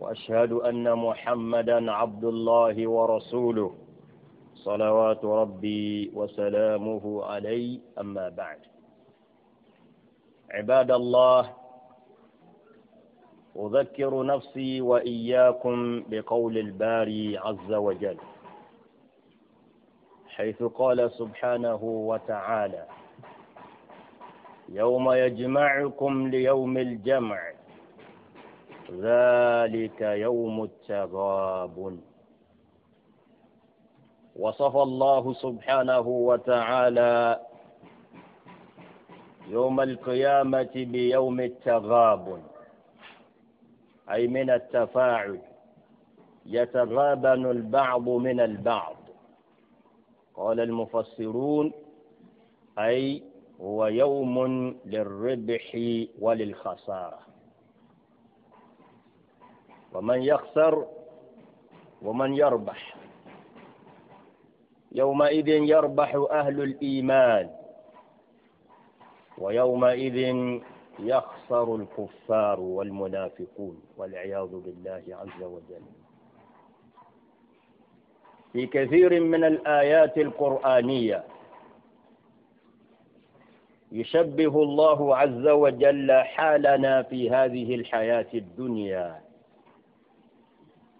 وأشهد أن محمدا عبد الله ورسوله صلوات ربي وسلامه عليه أما بعد عباد الله أذكر نفسي وإياكم بقول الباري عز وجل حيث قال سبحانه وتعالى يوم يجمعكم ليوم الجمع ذلك يوم التغابن وصف الله سبحانه وتعالى يوم القيامة بيوم التغابن أي من التفاعل يتغابن البعض من البعض قال المفسرون أي هو يوم للربح وللخسارة ومن يخسر ومن يربح يومئذ يربح أهل الإيمان ويومئذ يخسر الكفار والمنافقون والعياذ بالله عز وجل في كثير من الآيات القرآنية يشبه الله عز وجل حالنا في هذه الحياة الدنيا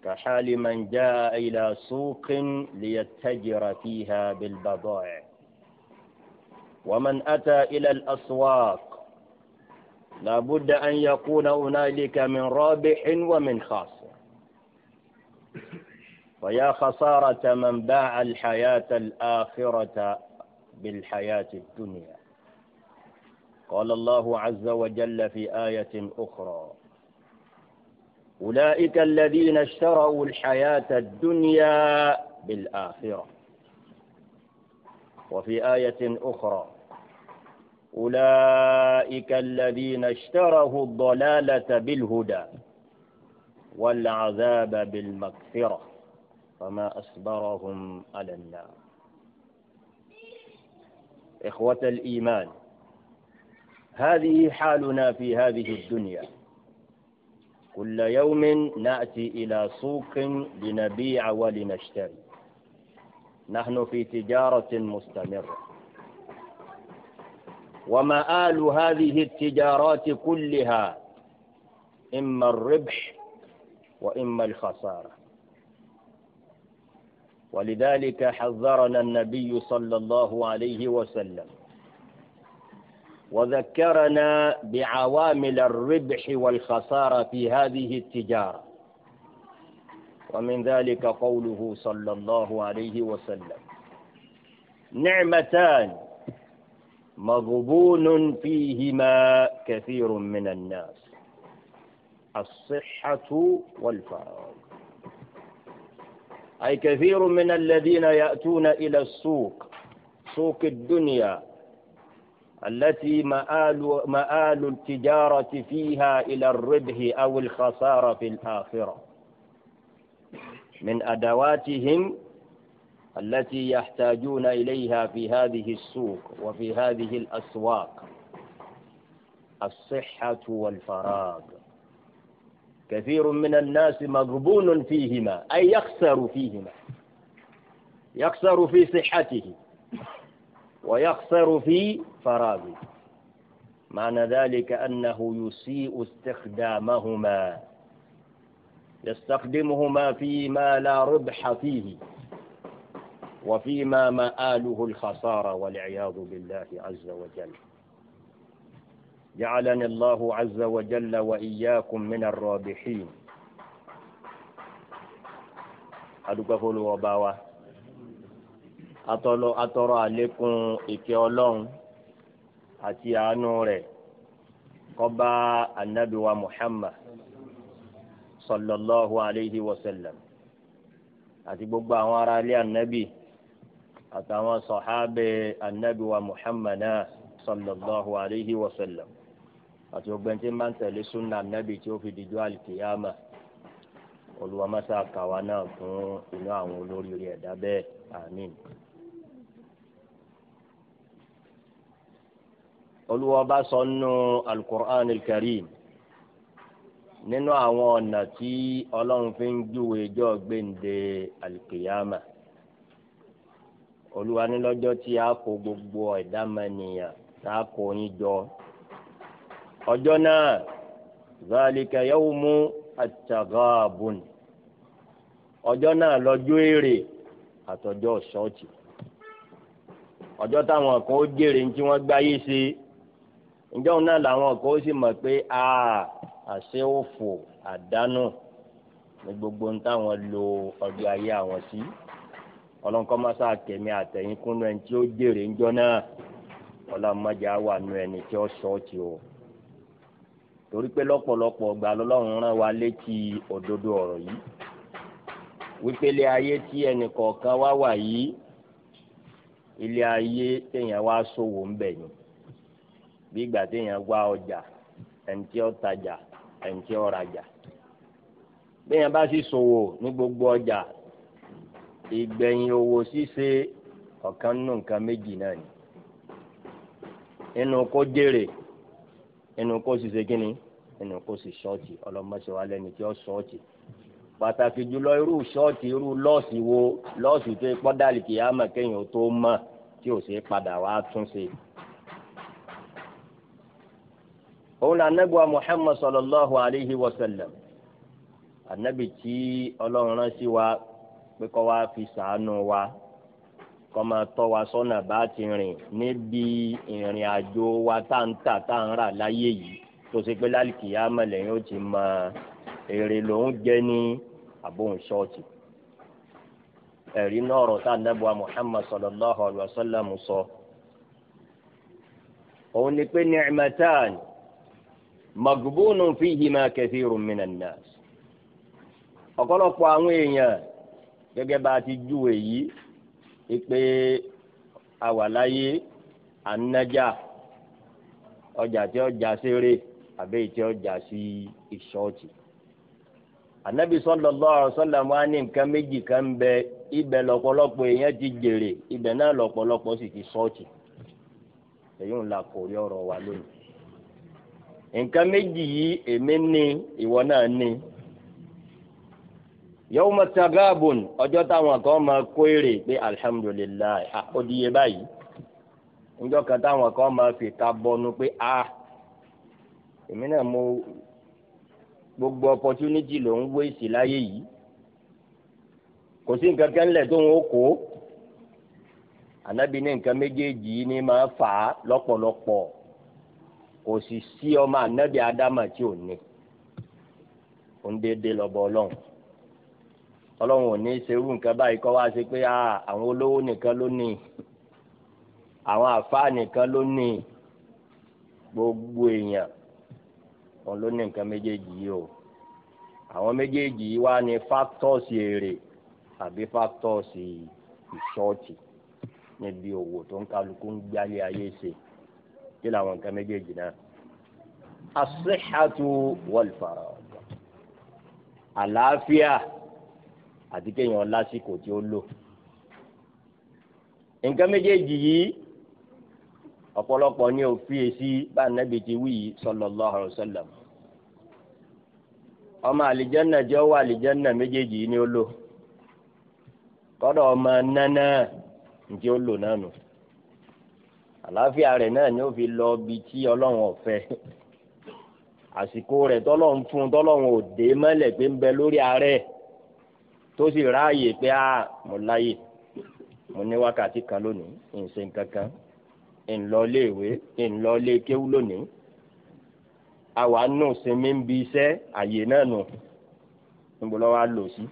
كحال من جاء إلى سوق ليتجر فيها بالبضائع ومن أتى إلى الأسواق لا بد أن يكون هنالك من رابح ومن خاسر ويا خسارة من باع الحياة الآخرة بالحياة الدنيا قال الله عز وجل في آية أخرى أولئك الذين اشتروا الحياة الدنيا بالآخرة وفي آية أخرى أولئك الذين اشتروا الضلالة بالهدى والعذاب بالمغفرة فما أصبرهم على النار إخوة الإيمان هذه حالنا في هذه الدنيا كل يوم نأتي إلى سوق لنبيع ولنشتري نحن في تجارة مستمرة ومآل هذه التجارات كلها إما الربح وإما الخسارة ولذلك حذرنا النبي صلى الله عليه وسلم وذكرنا بعوامل الربح والخسارة في هذه التجارة ومن ذلك قوله صلى الله عليه وسلم نعمتان مغبون فيهما كثير من الناس الصحة والفراغ أي كثير من الذين يأتون إلى السوق سوق الدنيا التي مآل, مآل التجارة فيها إلى الربح أو الخسارة في الآخرة من أدواتهم التي يحتاجون إليها في هذه السوق وفي هذه الأسواق الصحة والفراغ كثير من الناس مغبون فيهما أي يخسر فيهما يخسر في صحته ويخسر في فراغ معنى ذلك أنه يسيء استخدامهما يستخدمهما فيما لا ربح فيه وفيما مآله الخسارة والعياذ بالله عز وجل جعلني الله عز وجل وإياكم من الرابحين adúgbòfolo ọba wa atọrọ àlékún لكم Ọlọ́run àti àánú rẹ̀ kọba anabiwa muhammad sallallahu alayhi wa sallam àti gbogbo àwọn ará ilé anabi àtàwọn sọ̀hábẹ́ anabiwa muhammad sallallahu alayhi wa sallam àti ọgbẹ́n tí máa ń tẹ̀lé súnà nábì tí ó fi dìjọ àlìkèyàmà olùwàmásá kàwa náà fún inú àwọn olóríire ẹ̀dá bẹ́ẹ̀ àmín. olúwa bá sọ nínú alukur'an karim nínú àwọn ọ̀nà tí ọlọ́run fi ń júwe ọjọ́ gbèǹde alikiyama olúwa ní lọ́jọ́ tí a kó gbogbo ẹ̀dá mẹ́niyàn tá a kó yín jọ ọjọ́ náà zalika yawmu at-taghabun ọjọ́ náà lọ́jọ́ èrè àtọjọ́ ṣọ́ọ̀tì ọjọ́ táwọn kan ó jèrè ní tí wọ́n gbáyé ṣe ǹjọ́ náà làwọn kan ó sì mọ̀ pé àṣẹ òfò àdánù ní gbogbo ń táwọn lo ọjọ́ ayé àwọn sí ọlọ́nkọ́ mọ́sá kẹ̀mí àtẹ̀yìn kúnnú ẹni tí ó jèrè ńjọ́ náà ọlọ́mọdé á wà nù ẹni tí ó sọ́ọ̀tì o torí pé lọ́pọ̀lọpọ̀ ọgbà lọ́lọ́run rán wa létí òdodo ọ̀rọ̀ yìí wípé ilé ayé tí ẹnìkọ̀ọ̀kan wá wà yìí ilé ayé téèyàn wá ṣòwò ń bẹ̀ yìí bí ìgbà téèyàn wá ọjà ẹni tí ó tajà ẹni tí ó rajà béèyàn bá sì ṣòwò ní gbogbo ọjà ìgbẹ̀yìn òwò ṣíṣe ọ̀kan nínú nǹkan méjì náà ni inú kó jèrè inú kó sì ṣe kínni inú kó sì ṣọ́ọ̀tì ọlọ́mọṣẹ́ wa tí ó ṣọ́ọ̀tì pàtàkì jùlọ irú ṣọ́ọ̀tì irú lọ́ọ̀sì wo lọ́ọ̀sì tó pọ́dàlì kìí àmọ̀ kéèyàn tó mọ̀ tí ò ṣe padà wá túnṣe òun là nẹ́gbà Muhammad sallallahu alayhi wa sallam ànábì tí ọlọ́run rán sí wa pé kọ́ wa fi sàánú wa kọ́ máa tọ́ wa sọ́nà bá ti rìn níbi ìrìn àjò wa tá ń tà tá ń rà láyé yìí tó ṣe pé lálùkìyà mọ̀lẹ́yìn ó ti mọ èrè lòún jẹ́ ní àbóhùn ṣọ́ọ̀tì ẹ̀rí náà ọ̀rọ̀ tá a dábọ̀ Muhammad sallallahu alayhi wa sallam sọ. òun ni pé ni'matan. magbunun fihima kathirun minan nas ọ̀pọ̀lọpọ̀ àwọn èèyàn gẹ́gẹ́ bá a ti júwe yìí ipe àwàláyé ànájà ọjà tí ọjà séré àbẹ́yì tí ọjà sí ìṣọ́ọ̀tì anabi á ní nǹkan méjì kan bẹ ibẹ̀ èèyàn ti jèrè ibẹ̀ náà lọ́pọ̀lọpọ̀ sì ti ṣọ́ọ̀tì èyí ń la kò rí ọ̀rọ̀ nǹkan méjì yìí èmi ní ìwọ náà ní yawma tagabun ọjọ́ táwọn kan máa kó èrè pé alihamudulilayi àkódìyẹ báyìí níjọ́ kan táwọn kan máa fi ta bọnu pé a èmi náà mo gbogbo opportunity ló ń wé sí láyé yìí kò sí nǹkan kan lẹ̀ tó ń kó ànábi ní nǹkan méjèèjì ní máa fà á lọ́pọ̀lọpọ̀ kò sì sí ọmọ ànábì ádámà tí ò ní òun déédéé lọ́bọ ọlọ́run ọlọ́run ò ní í ṣerú nǹkan báyìí kọ́ wá ṣe pé àwọn olówó nìkan ló ní àwọn àfáà nìkan ló ní gbogbo èèyàn òun ló ní nǹkan méjèèjì yìí o àwọn méjèèjì yìí wá ní fáktọ́ọ̀sì èrè àbí fáktọ́ọ̀sì ìṣọ́ọ̀tì níbi òwò tó ń kálukú ń gbálé ayé ṣe. kí làwọn nǹkan méjèèjì náà asíhàtú wọlfàrà àlàáfíà àti kéèyàn lásìkò tí ó lò nǹkan méjèèjì yìí ọ̀pọ̀lọpọ̀ ni ò fi èsì bá nàbì ti wí sallallahu ọmọ àlìjánà jẹ méjèèjì ni ó lò ọmọ nánà ó àlàáfíà rẹ̀ náà ni ó fi lọ bí tí ọlọ́run ọ̀fẹ́ àsìkò rẹ̀ tọ́lọ́run fún tọ́lọ́run òde mọ́lẹ̀ pé ń bẹ lórí ààrẹ tó sì ráàyè pé a mo láyè mo ní wákàtí kan lónìí ń ṣe nǹkan kan ń lọ léèwé ń lọ lé kéwú lónìí àwa nù sinmi ń bi iṣẹ́ àyè náà nù níbo lọ́ wa lò sí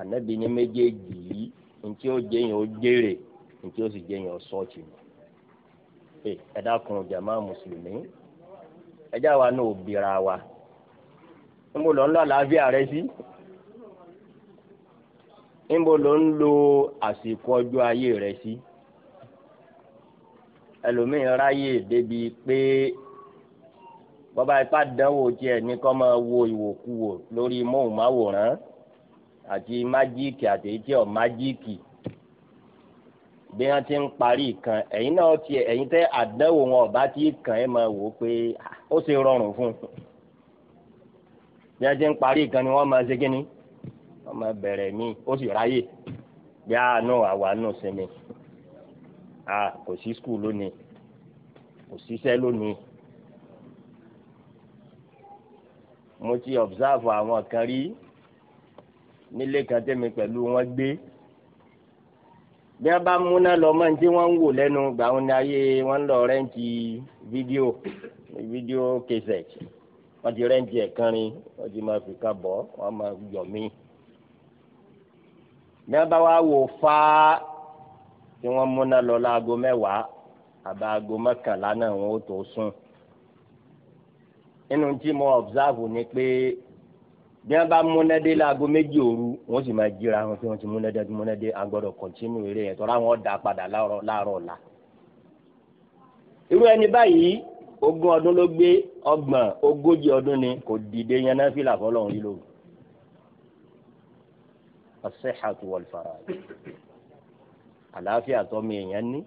ànábì ní méjèèjì yìí ntí ó jẹyìn ó jèrè ntí ó sì jẹyìn ó sọ́ọ̀tì nù ẹ dákun jama mùsùlùmí ẹ já wa náà bira wa ń bò lọ ń lọ àlàáfíà rẹ sí ń bò lọ ń lo àsìkò ọjọ́ ayé rẹ sí ẹlòmíràn ráyè débi pé bọ́bá ipá dánwò tiẹ̀ ní kọ́ máa wo ìwòkuwò lórí móhùnmáwòrán àti májíìkì àti etí ọ̀ májíìkì bí wọ́n ti ń parí ìkan ẹ̀yin náà ti ẹ̀yin tẹ́ àdánwò wọn ọ̀bá tí kàn ẹ́ máa wò ó pé ó ṣe rọrùn fún un bí wọ́n ti ń parí ìkan ni wọ́n máa ṣe kí ni wọ́n máa bẹ̀rẹ̀ míì ó sì ráyè bí àánú àwa nù sinmi kò sí skul lónìí kò síṣẹ́ lónìí mo ti observe àwọn kan rí nílé kan tẹ́mi pẹ̀lú wọn gbé bí wọn bá múná lọ mọ ní tí wọn ń wò lẹ́nu gbà wọn ní ayé wọn lọ rẹǹtì fídíò fídíò kẹsẹt wọn ti rẹǹtì ẹkànrin wọn ti máa fi ká bọ wọn máa yọ mí bí wọn bá wá wò fá tí wọn múná lọ láago mẹ́wàá àbá aago mọ́kànlá náà wọn ó tó sùn nínú tí mo observe ni pé bí wọ́n bá múnádé láago méjì òru wọ́n sì máa jíra wọn pé wọ́n ti múnádé ti múnádé agbọ́dọ̀ kọ̀ntínú eré yẹn tọ́ra wọn dà padà láàárọ̀ láàárọ̀ ọ̀la. irú ẹni báyìí ogún ọdún ló gbé ọgbọ̀n ogójì ọdún ni kò dìde yẹn náà fìlà fọlọ́run yìí lóru. as-sihhatu wal àlàáfíà tọ́mi èèyàn ní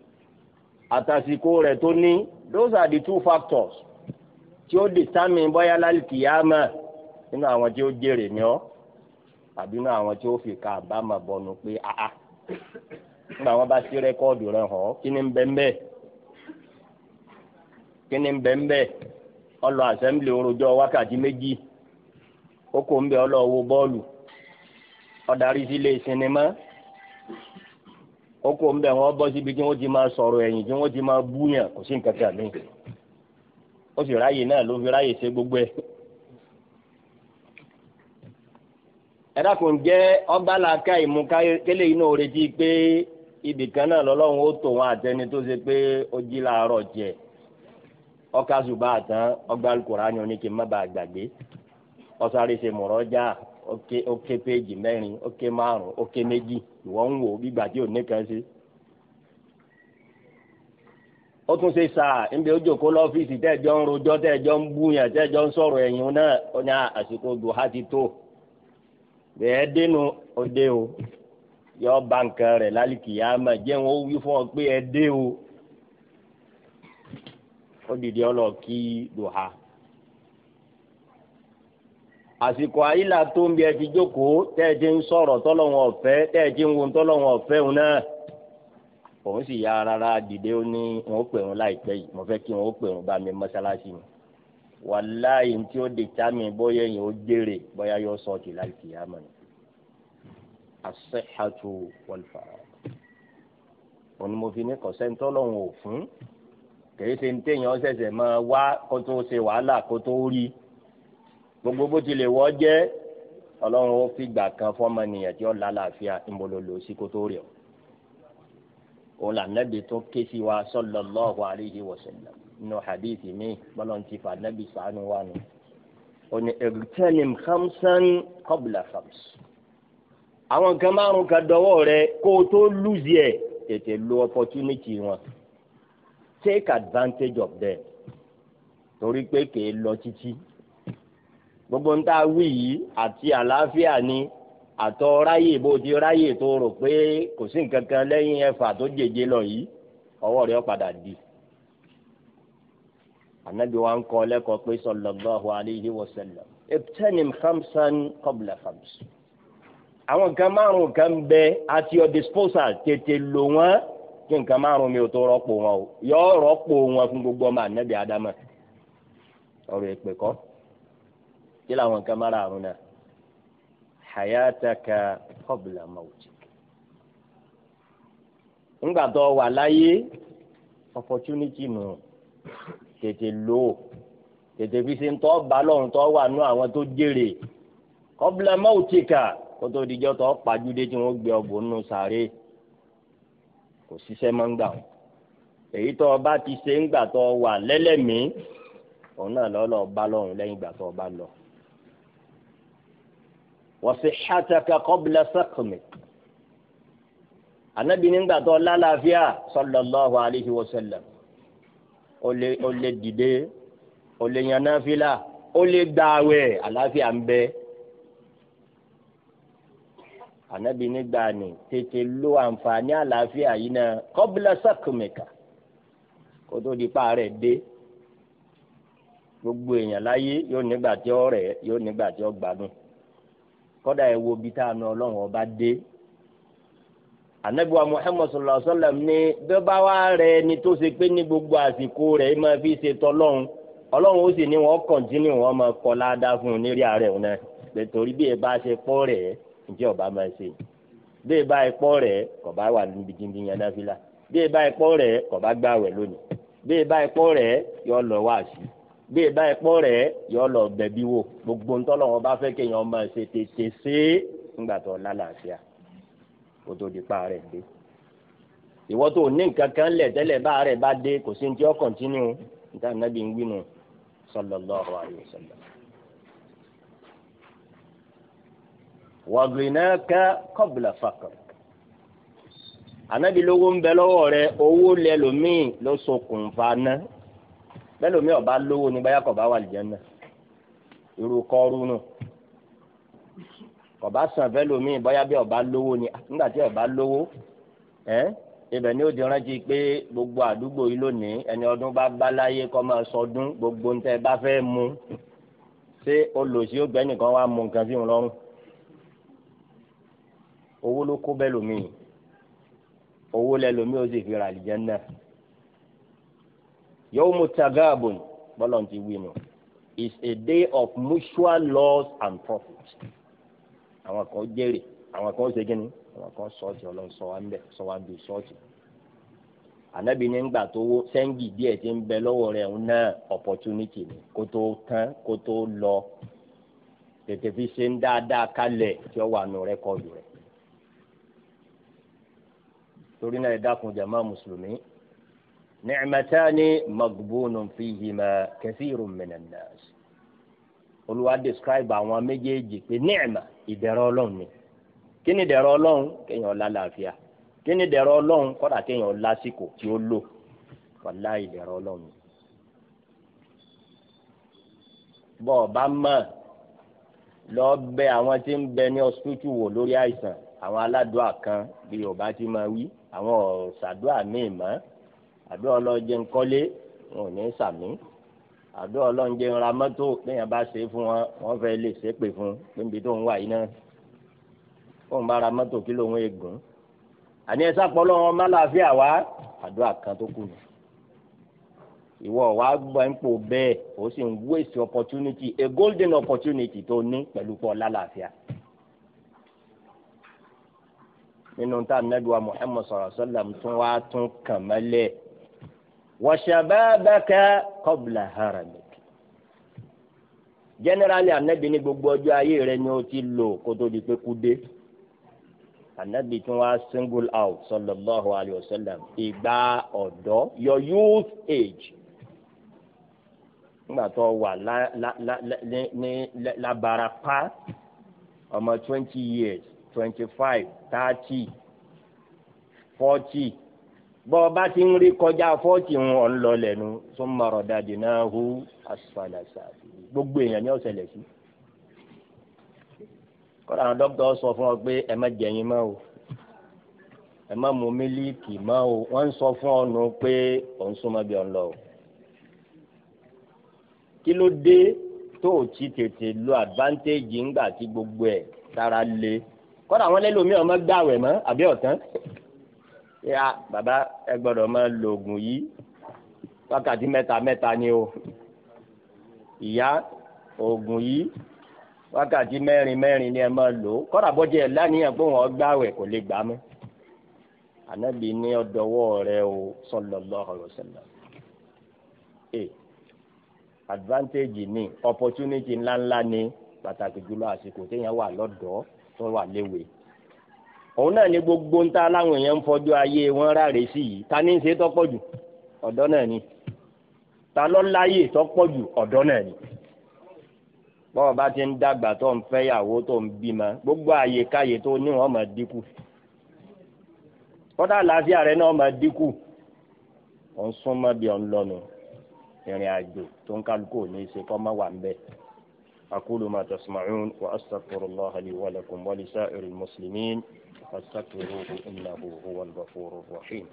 àtàsìkò rẹ̀ tó ní those are the two factors tí ó determine bóyá lálùkìyàmá nínú àwọn tí ó jèrè ni ọ́ àbí nínú àwọn tí ó fi ka àbámọ̀ bọnu pé àá nígbà wọn bá sí rẹ́kọ́ọ̀dù rẹ̀ hàn kí ni ń bẹ ń bẹ kí ni ń bẹ ń bẹ ọlọ assembly orojọ wákàtí méjì ó kò ń bẹ ọlọ wo bọ́ọ̀lù ọ̀darí sílé sinimá ó kò ń bẹ wọn síbi tí ti máa sọ̀rọ̀ ẹ̀yìn tí wọ́n ti máa búyàn kò sí nǹkan kan mi ó sì ráàyè náà ló fi ráàyè ṣe ẹ̀dá kò ń jẹ́ ọba làákà ìmú kélé iná retí pé ibì kan náà lọ́lọ́run ó tò wọn àtẹni tó ṣe pé ó jí làárọ̀ jẹ ọkà ṣùgbà àtàn ọgbà alukóra ni má bàa gbàgbé ọsàrè ṣe mọ̀rọ́jà ó péjì mẹ́rin ó márùn ó méjì ìwọ ń wò bí gbàdí òní kan ṣe. ó tún ṣe níbi bẹ́ẹ̀ dénú ọdẹ o yọ ba nǹkan rẹ̀ lálìkìyà mà jẹ́ wọn wí fún ọ pé ẹ dé o ó dìde ọ lọ kí duha àsìkò àyílà tó ń bí ẹ ti jókòó tẹ́ ẹ ti ń sọ̀rọ̀ tọ́lọ́wọ́n ọ̀fẹ́ tẹ́ ẹ ti ń wo òun náà ya dìde ó ní wọn ó pè wọn wàláyé tí ó dìtámì bóyá yẹn ó jèrè bóyá yóò sọ ti láti yàmà ni asèhàtú wọlfà òun mo fi ní kọ̀sẹ́ńtọ́ lọ́hùn ò fún kèé ṣe ń téèyàn ṣẹ̀ṣẹ̀ máa wá kó tó ṣe wàhálà kó tó rí gbogbo bó tilẹ̀ wọ́ jẹ́ ọlọ́run ó fìgbà kan fọ́mọnìyàn tí ó lálàáfíà ńbọ̀lọ́lọ́ sí kó tó rí ọ. òun làǹdẹ́bì tó ké sí wa sallallahu alaihi wasallam nínú hadithi mi bọ́lọ́n ti fa nabi sànù wa nù òní irtanim khamsan qabla khams àwọn kan márùn kan dọwọ́ rẹ kó o tó lùzì ẹ̀ tètè lo opportunity wọn take advantage of them torí pé kèé lọ títí gbogbo ń tá a wí yìí àti àlàáfíà ni àtọ ráyè bó ti ráyè tó rò pé kò sí nǹkan kan lẹ́yìn ẹ̀fà tó jèjé lọ yìí ọwọ́ rẹ̀ padà di anabi wa ń kọ́ lẹ́kọ̀ọ́ pé sallallahu alayhi wa sallam ibtanim khamsan qabla khams. àwọn nǹkan márùn kan bẹ àti your disposal tètè lò wọ́n kí nǹkan márùn mi ò tó rọ́pò wọn o yọ rọ́pò wọn fún gbogbo ọmọ anabi adama ọ̀rọ̀ èpè kọ́ kí làwọn nǹkan márùn náà hayataka qabla mawtik ńgbà wà láyé opportunity nù. No tètè lò ó tètè fi ṣe ń tọ́ bá lọ́run tọ́ wà nú àwọn tó jèrè kọ́bílà mọ́ọ̀tìkà kótó dijọ́ tọ́ pàjúdé tí wọ́n gbé ọgbọ̀n nù sàré kò ṣiṣẹ́ máa ń gbà wọn èyí tó ọba ti ṣe ń gbà tó wà lẹ́lẹ́mìí òun náà lọ́ lọ́ọ́ bá lọ́run lẹ́yìn ìgbà tó ọba lọ. wa sihhataka qabla saqmik ànábì nígbà tó lálàáfíà sallallahu alaihi wa o lè dide, lè dìde o lè yan náfìlà o lè gba àwẹ̀ àlàáfíà ń bẹ ànábì nígbà ni tètè lo àǹfààní àlàáfíà yìí náà kọ́bílà sàkùmẹ̀kà kó tó di pa rẹ̀ dé gbogbo èèyàn láyé yóò nígbà tí ó yóò nígbà tí ó gbádùn kódà ẹ wo bí táwọn ọlọ́run ọba dé anabiwa muhammad sallallahu alaihi wa sallam ní bẹ́ẹ̀bá wa rẹ ni tó ṣe pé ní gbogbo àsìkò rẹ̀ ẹ máa fi ṣe tọ́lọ́hún ọlọ́run ó sì ní wọ́n kọ̀ntínú wọn máa kọ́ ládàá fún un nírí ààrẹ òun náà nítorí bí ẹ bá ṣe pọ́ rẹ̀ ǹjẹ́ ọba máa ṣe bí ẹ bá ẹ pọ́ rẹ̀ kò bá wà níbi jíjìn yẹn náà fílà bí ẹ bá ẹ pọ́ rẹ̀ kò bá gbààwẹ̀ lónìí bí ẹ bá ẹ pọ́ rẹ̀ yọ yọ kó tó di pa rẹ̀ dé ìwọ tó ní nǹkan kan lẹ̀ tẹ́lẹ̀ bá bá dé kò sí tí kọ̀ntínú níta nàbí ń gbinu sallallahu alaihi wasallam. waghinaka qabla faqr anabi lówó ń bẹ lọ́wọ́ rẹ owó lẹ ọba lówó ní ọba sàn fẹ́ lomi bóyá bí ọba lówó ni nígbà tí ọba lówó ẹ ibẹ̀ ni ó di rántí pé gbogbo àdúgbò yìí lónìí ẹni ọdún bá bá láyé kọ́ máa sọdún gbogbo ntẹ́ bá fẹ́ mu ṣé olùsí ògbẹ́ nìkan wàá mu nǹkan sí òun lọ́rùn owó ló kó bẹ́ẹ̀ lomi owó lẹ lomi ó sì fi ra àlìjánnà yawmu tagabun bọ́lọ̀ ti wí nù is a day of mutual loss and profit. àwọn kan jèrè àwọn kan ṣe àwọn kan sọ́ọ̀tì ọlọ́run sọ wá ń bẹ̀ sọ wá ń sọ́ọ̀tì. ànábì ní ti ń bẹ lọ́wọ́ rẹ̀ opportunity ni kó tó tán kó fi ṣe ń dáadáa tí ó wà nù torí náà ẹ fihima olúwa describe àwọn méjèèjì pé ni'ma ìdẹ̀rọ̀ ọlọ́run ni kí ni ìdẹ̀rọ̀ ọlọ́run kéèyàn lálàáfíà kí ni ìdẹ̀rọ̀ ọlọ́run kọ́dà kéèyàn lásìkò tí ó lò kọ́lá ìdẹ̀rọ̀ ọlọ́run ni. bọ́ ọ mọ̀ lọ bẹ àwọn tí ń bẹ ní ọsítútù wò lórí àìsàn àwọn aládùá kan bí yorùbá ti máa wí àwọn ọ̀sàdùá míì mọ́ àdúrà ọlọ́jẹ̀ wọn ò ní sàmí àdó ọlọ́run jẹ́ ńlá mọ́tò lẹ́yìn bá ṣe fún wọn wọ́n fẹ́ lè ṣe pè fún níbi tó ń wà yìí náà fóun bá ra mọ́tò kí lóun ègún àní ẹ sápọ̀ lọ́wọ́ má láàfíà wá àdó àkàn tó kù nù ìwọ wa gbọ́ ń pò bẹ́ẹ̀ ó sì ń waste opportunity a golden opportunity tó ní pẹ̀lú pọ̀ lálàáfíà nínú tá a nẹ́dùá Muhammad sallallahu alaihi wasallam tún wá tún kàn mọ́lẹ̀ wàṣàbàbàkà kọ́bùlà haramik generally anabi ní gbogbo ọjọ́ ayé rẹ ni ó ti lò kó tó di pé kú dé anabi tún wá single out sallallahu alayhi wa sallam ìgbà ọ̀dọ́ your youth age nígbà tó wà labarapa ọmọ twenty years twenty five thirty forty bọ́ ọba ti ń rí kọjá fọ́ọ̀tì ń ọ̀ ń lọ lẹ́nu tó ń marọ̀ dájú náà hu asfalasa gbogbo èèyàn ní ọ̀sẹ̀ lẹ̀ sí. kọ́ra àwọn dókítà sọ fún ọ pé ẹ má jẹyin mọ́ o ẹ má mu mílíìkì mọ́ o wọ́n ń sọ fún ọ nù pé òun súnmọ́ bí ọ̀n lọ o. kí ló dé tó o ti tètè lo advantage ńgbà tí gbogbo ẹ̀ sára lé kọ́ra àwọn lẹ́lòmíràn má gbàwẹ̀ mọ́ àbí ọ̀tán yá ah, bàbá ẹ gbọ́dọ̀ máa lo oògùn yìí wákàtí mẹ́ta mẹ́ta ni o ìyá oògùn yìí wákàtí mẹ́rin mẹ́rin ni ẹ máa lò ó kọ́dà bọ́jẹ́ ẹ̀ lánìyàn pé wọ́n gbààwẹ̀ kò lè gbà mọ́ ànábì ní ọ̀dọ̀wọ́ rẹ o sallallahu alaihi wasallam e advantage ni opportunity ńláńlá ni pàtàkì jùlọ àsìkò téèyàn wà lọ́dọ̀ọ́ tó wà léwe òun náà ní gbogbo ńta láwọn èèyàn ń fọjú ayé wọn ráre sí yìí ta ní í ṣe tọ́pọ̀ jù ọ̀dọ́ náà ni ta lọ láyè tọ́pọ̀ jù ọ̀dọ́ náà ni bọ́ọ̀ bá ti ń dàgbà tó ń fẹ́yàwó tó ń bímọ gbogbo àyèkáyè tó ní wọn máa dínkù kọ́dà àlàáfíà rẹ náà máa dínkù ò ń súnmọ́ bí ọ̀n lọ́nu ìrìn àjò tó ń kálukú ò ní í ṣe kọ́ má wà ń bẹ́ẹ̀. أقول ما تسمعون وأستغفر الله لي ولكم ولسائر المسلمين فاستغفروه إنه هو الغفور الرحيم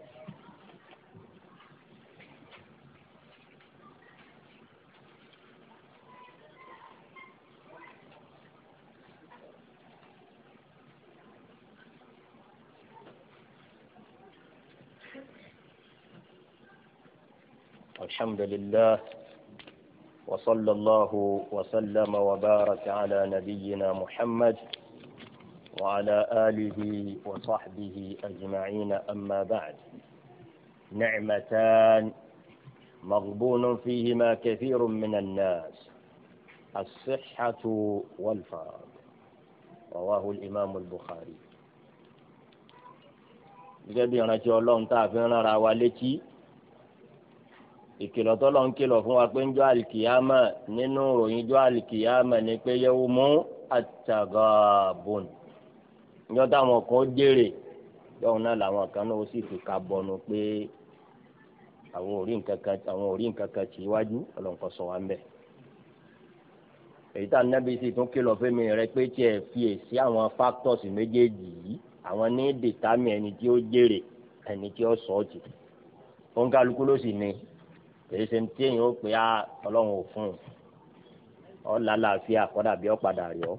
الحمد لله وصلى الله وسلم وبارك على نبينا محمد وعلى آله وصحبه أجمعين أما بعد نعمتان مغبون فيهما كثير من الناس الصحة والفراغ رواه الإمام البخاري gẹ́gẹ́ bí ìrántí ọlọ́run tá a fi ń ara wa létí ìkìlọ̀ tọ́lọ́run kìlọ̀ fún wa pé ń jọ àlìkìyámà nínú ìròyìn jọ àlìkìyámà ni pé yẹ́wò mú àtàgàbọ̀n ìjọ táwọn kan jèrè lọ́hùn náà làwọn kan náà ó sì fi ka bọnu pé àwọn ò rí nǹkan kan àwọn ò rí nǹkan kan tì í wájú ọlọ́nkọ sọ wa ń bẹ̀. èyí tá nẹ́bí sì tún kìlọ̀ fẹ́mi rẹ pé tí ẹ fi èsì àwọn factors méjèèjì yìí àwọn ní dètámì ẹni tí ó jèrè ẹni tí ó sọ ọ́ tì. òun kálukú ló sì ní èyí tí èyàn ó pè á ọlọ́run ò fún un ọ̀ lálàáfíà kọ́dà bí ó padà rí ọ́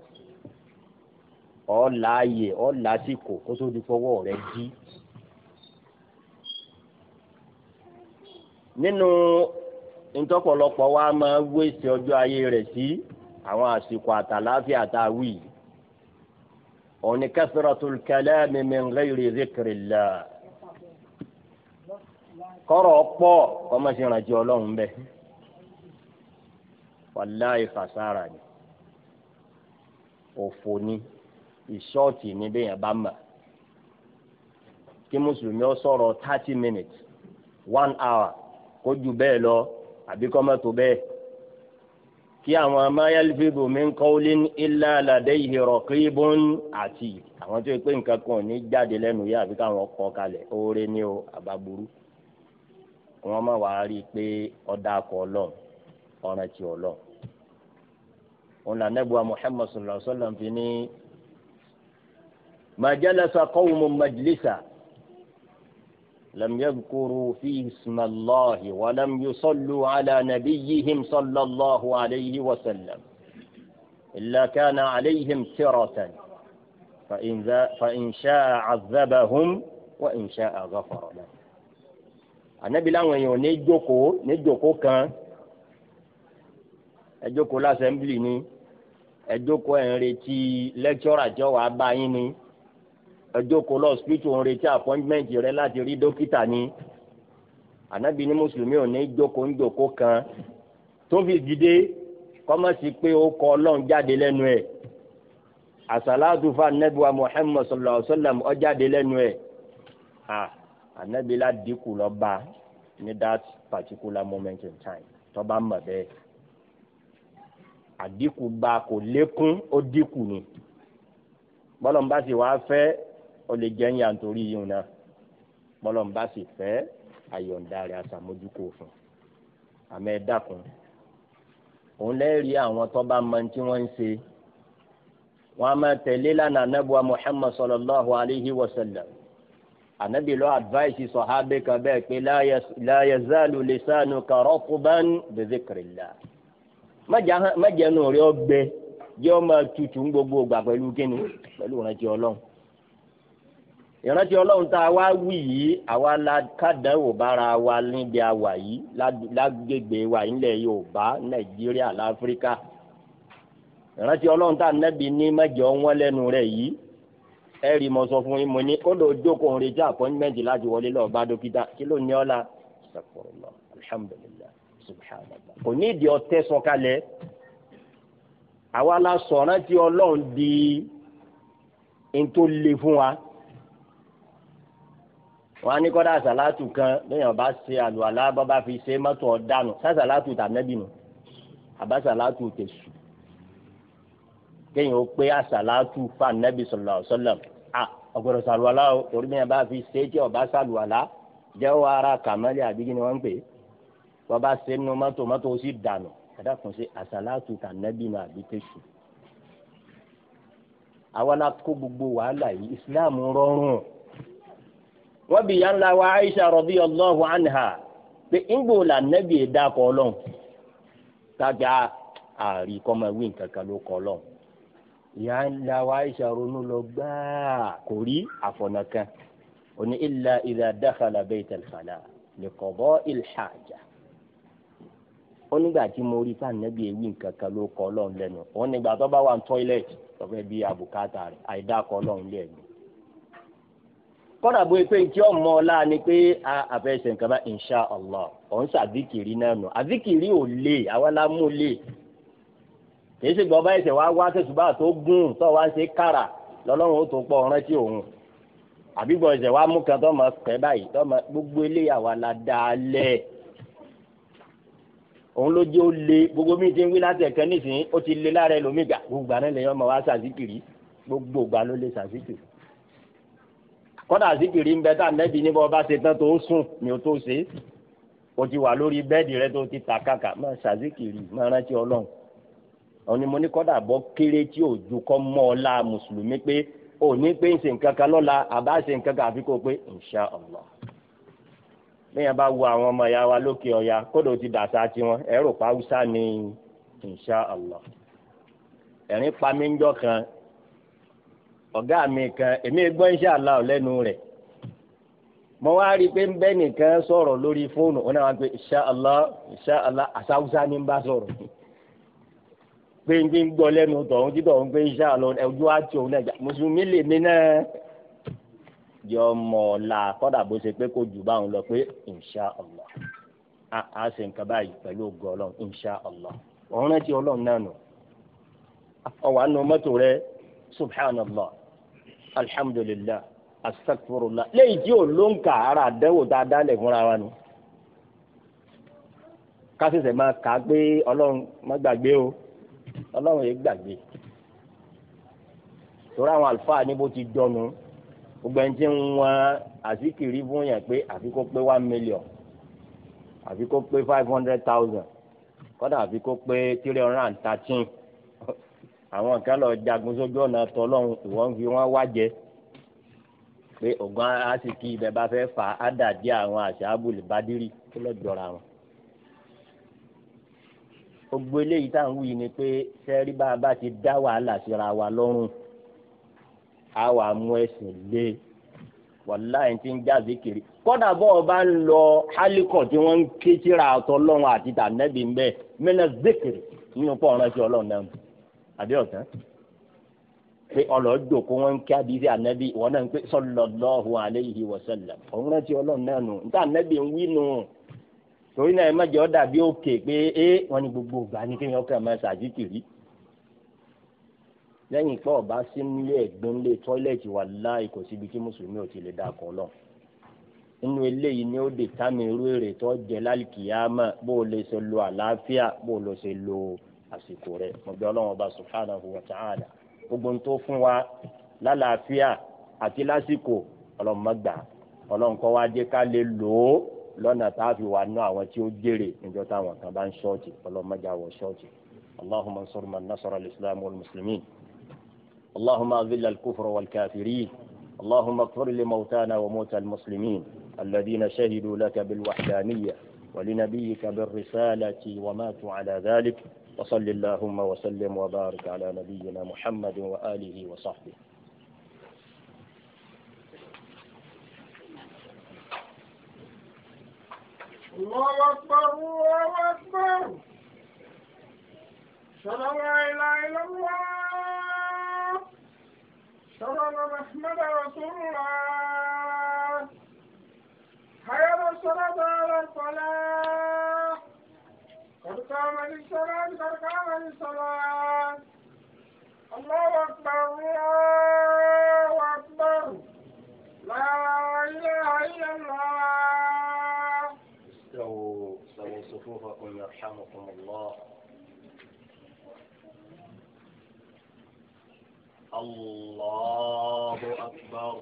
ọ̀la ààyè ọ̀la àsìkò kó tó di fọwọ́ rẹ dí. nínú ntọ́pọ̀lọpọ̀ wa máa wéṣẹ̀ ọjọ́ ayé rẹ̀ sí àwọn àsìkò àtàláfíà tá a wí òní kathratul kalami min ghairi dhikrillah kọ́rọ̀ pọ̀ kọ́mọ̀sìnrànjì ọlọ́run bẹ́ẹ̀ wàláì fàṣàrà ni òfò ni ìṣọ́ọ̀tì ní bẹ́ẹ̀ yẹn bá mọ̀ kí mùsùlùmí ó sọ̀rọ̀ thirty minutes one hour kó ju bẹ́ẹ̀ lọ àbí kọ́ mọ́ tó bẹ́ẹ̀ kí àwọn amáyálífẹ́bù mi ń kọ́lé ilá aládé ìhìrọ̀ kíbọn àti àwọn tó yẹ pé nǹkan kan ò ní jáde lẹ́nu yá àbí káwọn kọ́ kalẹ̀ oore ní o àbábúrú wọn má wàá rí i pé ọ̀dà kọ́ ọlọ́run ọ̀ràn tí òun là nẹ́bùa Muhammad fi ní. ما جلس قوم مجلسا لم يذكروا فيه اسم الله ولم يصلوا على نبيهم صلى الله عليه وسلم إلا كان عليهم سرة فإن, فإن شاء عذبهم وإن شاء غفر لهم النبي ní jókòó ní jókòó kan ẹ jókòó lásẹ̀ńbìlì نجوكو كان ni لا kan e أنريتي lasenbili ni e ẹjọ́kọ̀ lọ hospital ń retí appointment rẹ láti rí dókítà ni ànábì ní mùsùlùmí ò ní jókòó ń jókòó kan tó fi dìde kọ́mọ̀sí pé ó kọ ọlọ́run jáde lẹ́nu ẹ̀ àsàlátù fún anábìwa Muhammad sallallahu alaihi wasallam ó jáde lẹ́nu ẹ̀ anábìlá dínkù lọ bá ní that particular moment in time tó bá mọ̀ bẹ́ẹ̀ àdínkù bá kò lékún ó dínkù ni bọ́lọ̀ ń bá sì wá fẹ́ ó lè jẹ́ ń yà nítorí yìí náà mọ́lọ́mbà sì fẹ́ àyọ̀ǹda rẹ̀ àtàmójúkò fún àmọ́ ẹ dákun òun lẹ́rìí àwọn tó bá mọ tí wọ́n ń ṣe wọ́n á máa tẹ̀lé lánàá anábùwà Muhammad sallallahu alayhi wa sallam anabi lọ advice sọ̀hábẹ́ kan bẹ́ẹ̀ pé la yazalu lisanuka ratban bi dhikrillah mẹ́jẹ̀ẹ́nu rẹ̀ ọgbẹ́ jẹ́ ọmọ tutù ń gbogbo gbà pẹ̀lú kíni pẹ̀lú ìrántí ọlọ́run ìrántí ọlọ́run tá a wá wí yìí àwa la kádàáwò bára wa níbi àwà yìí lágbègbè wa ilẹ̀ yorùbá nàìjíríà láfíríkà ìrántí ọlọ́run tá a nẹ́bi ní mẹ́jọ wọn lẹ́nu rẹ̀ yìí ẹ rí sọ fún yín mo ní kó jókòó retí àpọ́ńtímẹ́ǹtì láti wọlé lọ́ọ́ bá dókítà kí ló ní ọ́la sàkóńlọ alhamdulilayi subhanallah kò ní ìdí ọtẹ sọ̀kalẹ̀ àwa la sọ ìrántí ọlọ́run di ntó fún wa wọn á ní kọ́dà sàlátù kan lẹ́yìn ọba ṣe àlùwàlá bọ́ba fi ṣe mọ́tò ọ̀dànù sàṣàlátù tànẹ́bì nù àbá sàlátù tẹ̀sù kéèyàn ó pé àsàlátù fànẹ́bì sallallahu alaihi wasallam à ọ̀gbọ̀dọ̀ sàlùwàlá o torí bẹ́ẹ̀ bá fi ṣe tí ọba sàlùwàlá jẹ́wọ́ ara kàmẹ́lì àbíkí ni wọ́n ń pè é bọ́ba ṣe nu mọ́tò mọ́tò ó sì dànù ẹ̀dá kan ṣe àsàlátù tànẹ́bì àwọn alákó gbogbo wàhálà yìí ìsìláàmù rọrùn wọ́n bí yà ńlá wa Aisha radiyallahu anha pé ńgbò là nẹ́bí ẹ̀dá kọ́ ọlọ́run tájà àrí kọ́mọ wí nǹkan kan ló kọ́ ọlọ́run ìyá ńlá wa Aisha ronú lọ gbáà kò rí àfọ̀nà kan òní illa idha dakhala bayt al-khala li qada'i al-haja ó nígbà tí mo rí fún anabi ewì nǹkan ló kọ ọlọ́run lẹ́nu òun nígbà tó bá wà ní tọ́ílẹ̀tì tọ́fẹ́ bí abùkátà rẹ̀ àìdákọ ọlọ́run lẹ́nu kọ́dà bóyá pé nkí ọmọ ọ̀la ni pé àfẹsẹ̀ nǹkan bá insha allah ọ̀hún sàdíkìrì náà nù àdíkìrì ò lè àwa la mú lè kì í ṣe gbọ́ báyìí ṣe wá wá tẹ̀sùbá tó gùn tó wá ń ṣe kára lọ́lọ́run ó tó pọ̀ rántí òun àbí gbọ́ ṣe wá mú kan tó mọ̀ pẹ́ báyìí tó mọ̀ gbogbo eléyà wa la dá a lẹ̀ òun ló jẹ́ ó lé gbogbo mi ti ń wí láti ẹ̀kẹ́ nísìnyí ó ti lé lára ẹlòmíì gà gbogbo àná lè yọ ọmọ wa sàdíkìrì gbogbo gbà ló lè sàdíkìrì kọ́dà zikiri ń bẹ tá nẹ́bi níbo bá ṣe tán tó sùn ni o tó ṣe o ti wà lórí bẹ́ẹ̀dì rẹ tó ti ta kàkà máa ṣàzikiri máa rántí ọlọ́run òun ni mo ní kọ́dà bọ́ kéré tí ò ju kọ́ mọ́ ọ la mùsùlùmí pé ò ní pé ń ṣe nǹkan kan lọ́la àbá ṣe nǹkan kan àfi kó pé insha Allah bẹ́ẹ̀ bá wo àwọn ọmọ ìyá wa lókè ọ̀ya kódò ti dàsa tiwọn ẹ̀rọ pàwùsà ni insha Allah ẹ̀rín pa mí ń jọ kan ọ̀gá mi kan èmi gbọ́ ọ̀ lẹ́nu rẹ̀ mo wá rí i pé bẹ́ẹ̀ nìkan sọ̀rọ̀ lórí fóònù ó náà wá pé inshallah inshallah àṣàwùsá ni ń bá sọ̀rọ̀ pé n gbọ́ lẹ́nu tọ̀hún títọ̀ ń pé inshallah ẹ̀jú àti òun náà mùsùlùmí náà yọ kọ́dà bó ṣe a ṣe nǹkan báyìí pẹ̀lú ògùn ọlọ́run náà ti ọlọ́run náà nù nù mọ́tò alhamdulilah asakfurula lẹ́yìn tí ò ló ń kà ara àdẹ́wò tá a dálẹ̀ fúnra wa nù kásìsẹ́ máa kà á pé ọlọ́run má gbàgbé o ọlọ́run yìí gbàgbé torí àwọn àlùfáà níbo ti dọnu gbogbo ẹni tí ń wọn àsìkiri fún yẹn pé àfi kó pé one million àfi kó pé five hundred thousand kọ́dà àfi kó pé three hundred and thirteen àwọn kan lọ jagun sójú ọ̀nà tọ́lọ́run ìwọ́n fi wọ́n wájẹ pé ògùn asìkì ibẹ̀ bá fẹ́ fà á dàdí àwọn àṣàbùlì bádìrì tó lọ jọra wọn. gbogbo eléyìí tá à ń wí ni pé sẹ́rí bá a bá ti dá wàhálà síra wa lọ́rùn á wà mú ẹ̀sìn lé wàláì tí ń jáde kiri kọ́dà bọ́ ọ bá ń lọ hálíkọ̀ tí wọ́n ń ké síra àtọ́ lọ́run àti tànẹ́bí ń bẹ́ẹ̀ mẹ́lẹ́ zikiri nínú pọ̀ ọ̀rẹ́ sí ọlọ́run náà àbí ọ̀tán pé ọlọ́jọ́ kó wọ́n ń kí àdìsí ànábì wọn náà ń pè sallallahu alayhi wa sallam òun rántí ọlọ́run náà nù níta ànábì ń wí nù torí náà ẹ má jẹ́ ọ́ dàbí òkè pé é wọ́n ní gbogbo ìgbà ní kéèyàn kàn máa ṣàdìkìrí lẹ́yìn pé ọba sí nílé ẹ̀gbọ́n lé tọ́ílẹ̀tì wà láì kò síbi tí mùsùlùmí ò ti lè dáa kọ́ lọ nínú eléyìí ni ó dè tá mi irú èrè tó jẹ lálùkìyàmà bó o lè ṣe lo àlàáfíà bó o lè ṣe lo àsìkò rẹ̀ mo bẹ̀ Ọlọ́run ọba subhanahu wa ta'ala gbogbo ń tó fún wa lálàáfíà àti lásìkò Ọlọ́run má gbà Ọlọ́run kó wá jẹ́ ká lè lò ó lọ́nà tá a fi wà ná àwọn tí ó jèrè níjọ́ táwọn kan bá ń ṣọ́ọ̀tì Ọlọ́run má wọ ṣọ́ọ̀tì allahumma ansur man nasara al-islam wal muslimin allahumma azil اللهم اغفر لموتانا وموتى المسلمين الذين شهدوا لك بالوحدانية ولنبيك بالرسالة وماتوا على ذلك وصل اللهم وسلم وبارك على نبينا محمد وآله وصحبه الله أكبر الله أكبر أشهد أن لا إله إلا الله أشهد أن محمدا رسول الله حي على الصلاة على قد قام للصلاة قد قام للصلاة الله أكبر الله أكبر لا إله إلا الله استووا استووا صفوفكم يرحمكم الله الله أكبر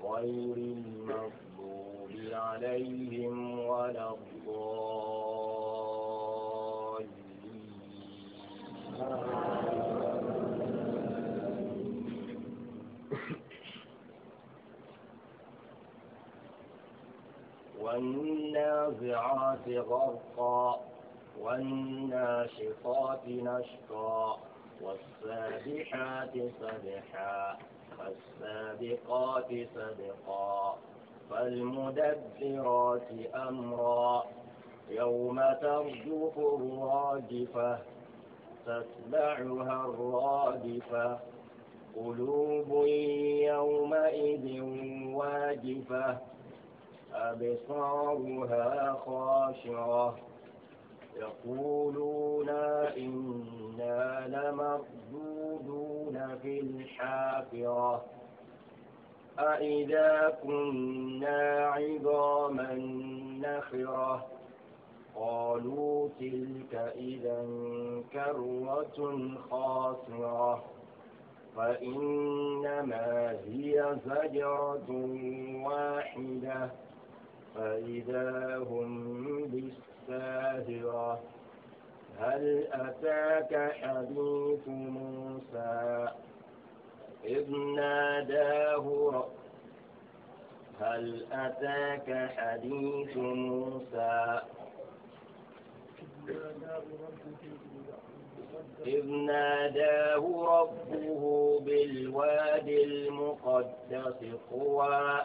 غير المغضوب عليهم ولا الضالين والنازعات غرقا والناشطات نشطا والسابحات سبحا فالسابقات سبقا فالمدبرات أمرا يوم ترجف الراجفة تتبعها الرادفة قلوب يومئذ واجفة أبصارها خاشعة يقولون إنا لمردودون في الحافرة أإذا كنا عظاما نخرة قالوا تلك إذا كرة خاسرة فإنما هي زجرة واحدة فإذا هم بالساهرة هل أتاك حديث موسى إذ ناداه هل أتاك حديث موسى إذ ناداه ربه بالواد المقدس طوى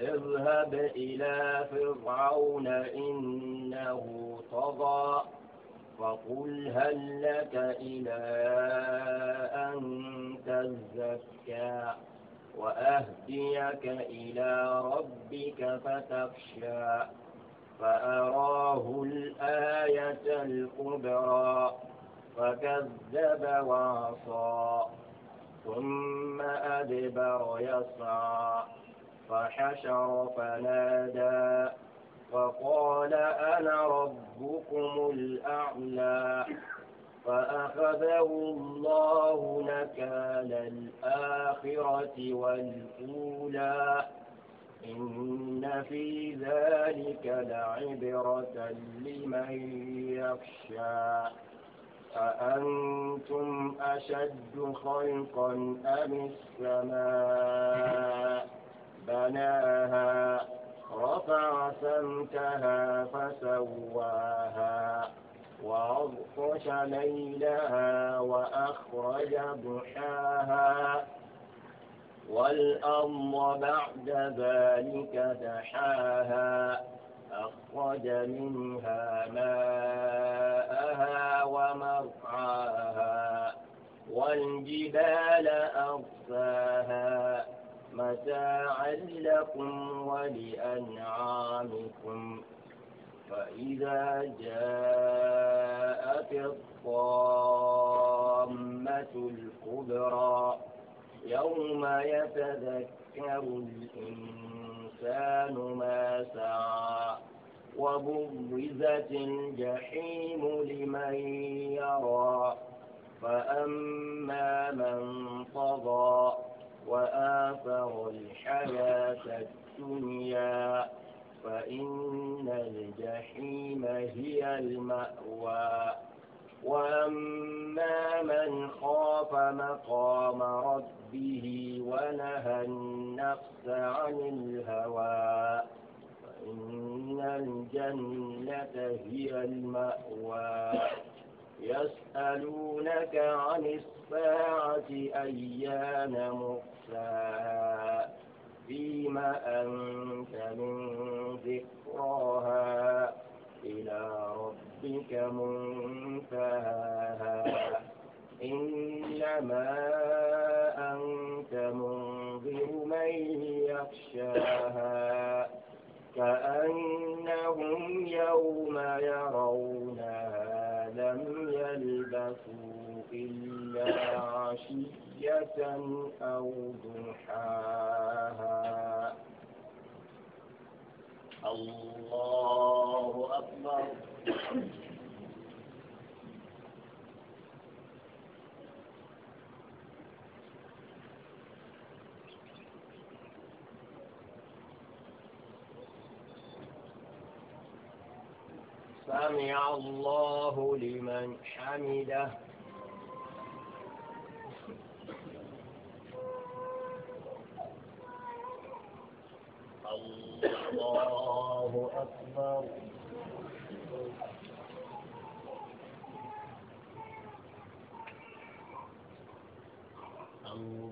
اذهب إلى فرعون إنه طغى فقل هل لك إلى أن تزكى وأهديك إلى ربك فتخشى فأراه الآية الكبرى فكذب وعصى ثم أدبر يسعى فحشر فنادى فقال أنا ربكم الأعلى فأخذه الله نكال الآخرة والأولى إن في ذلك لعبرة لمن يخشى أأنتم أشد خلقا أم السماء بناها رفع سمكها فسواها وأغطش ليلها وأخرج ضحاها والأرض بعد ذلك دحاها أخرج منها ماءها ومرعاها والجبال أرساها متاعا لكم ولأنعامكم فإذا جاءت الطامة الكبرى يوم يتذكر الإنسان ما سعى وبرزت الجحيم لمن يرى فأما من طغى وآثر الحياة الدنيا فإن الجحيم هي المأوى وأما من خاف مقام ربه ونهى النفس عن الهوى فإن الجنة هي المأوى يسألونك عن الساعة أيان مرساها فيما أنت من ذكراها إلى ربك منتهاها إنما أنت منذر من يخشاها كأنهم يوم يرونها لم أو ضحاها الله أكبر سمع الله لمن حمده الله أكبر الله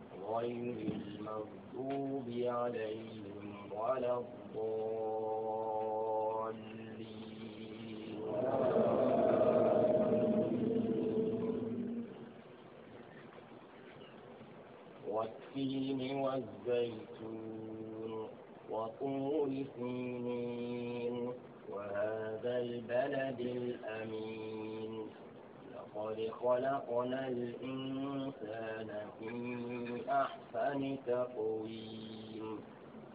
غير المغضوب عليهم ولا الضالين والتين والزيتون وطول سنين وهذا البلد الأمين لقد خلقنا الإنسان في أحسن تقويم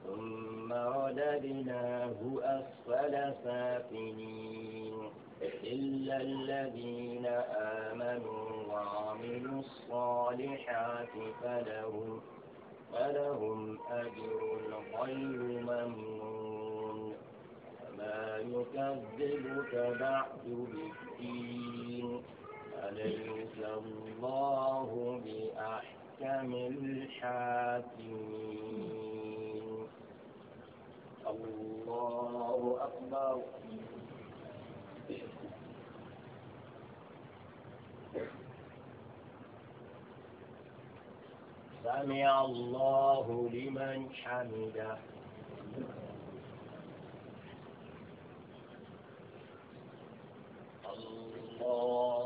ثم رددناه أسفل سافلين إلا الذين آمنوا وعملوا الصالحات فلهم فلهم أجر غير ممنون فما يكذبك بعد بالدين أليس الله بأحكم الحاكمين الله أكبر سمع الله لمن حمده الله